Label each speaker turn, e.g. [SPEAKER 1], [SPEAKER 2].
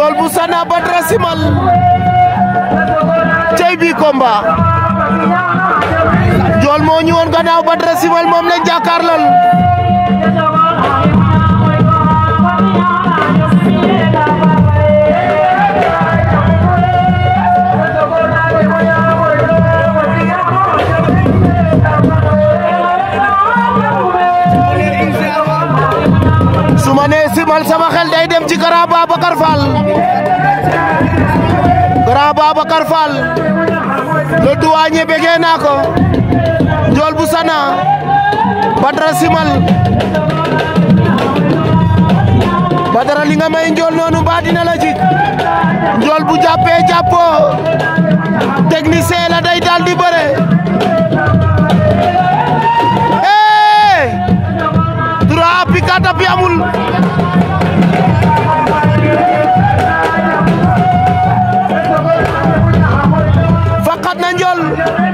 [SPEAKER 1] Ndiol bu Sana Badara Simal cey bi combat Ndiol moo ñëwoon gannaaw Badara Simal moom lañ jàkkaarlool man sama xel day dem ci grand Babacar Fall bu sana Badara Simal Badara li nga may njool noonu mbaa dina la jik bu jàppee jàppoo technicien la day daal na Ndiol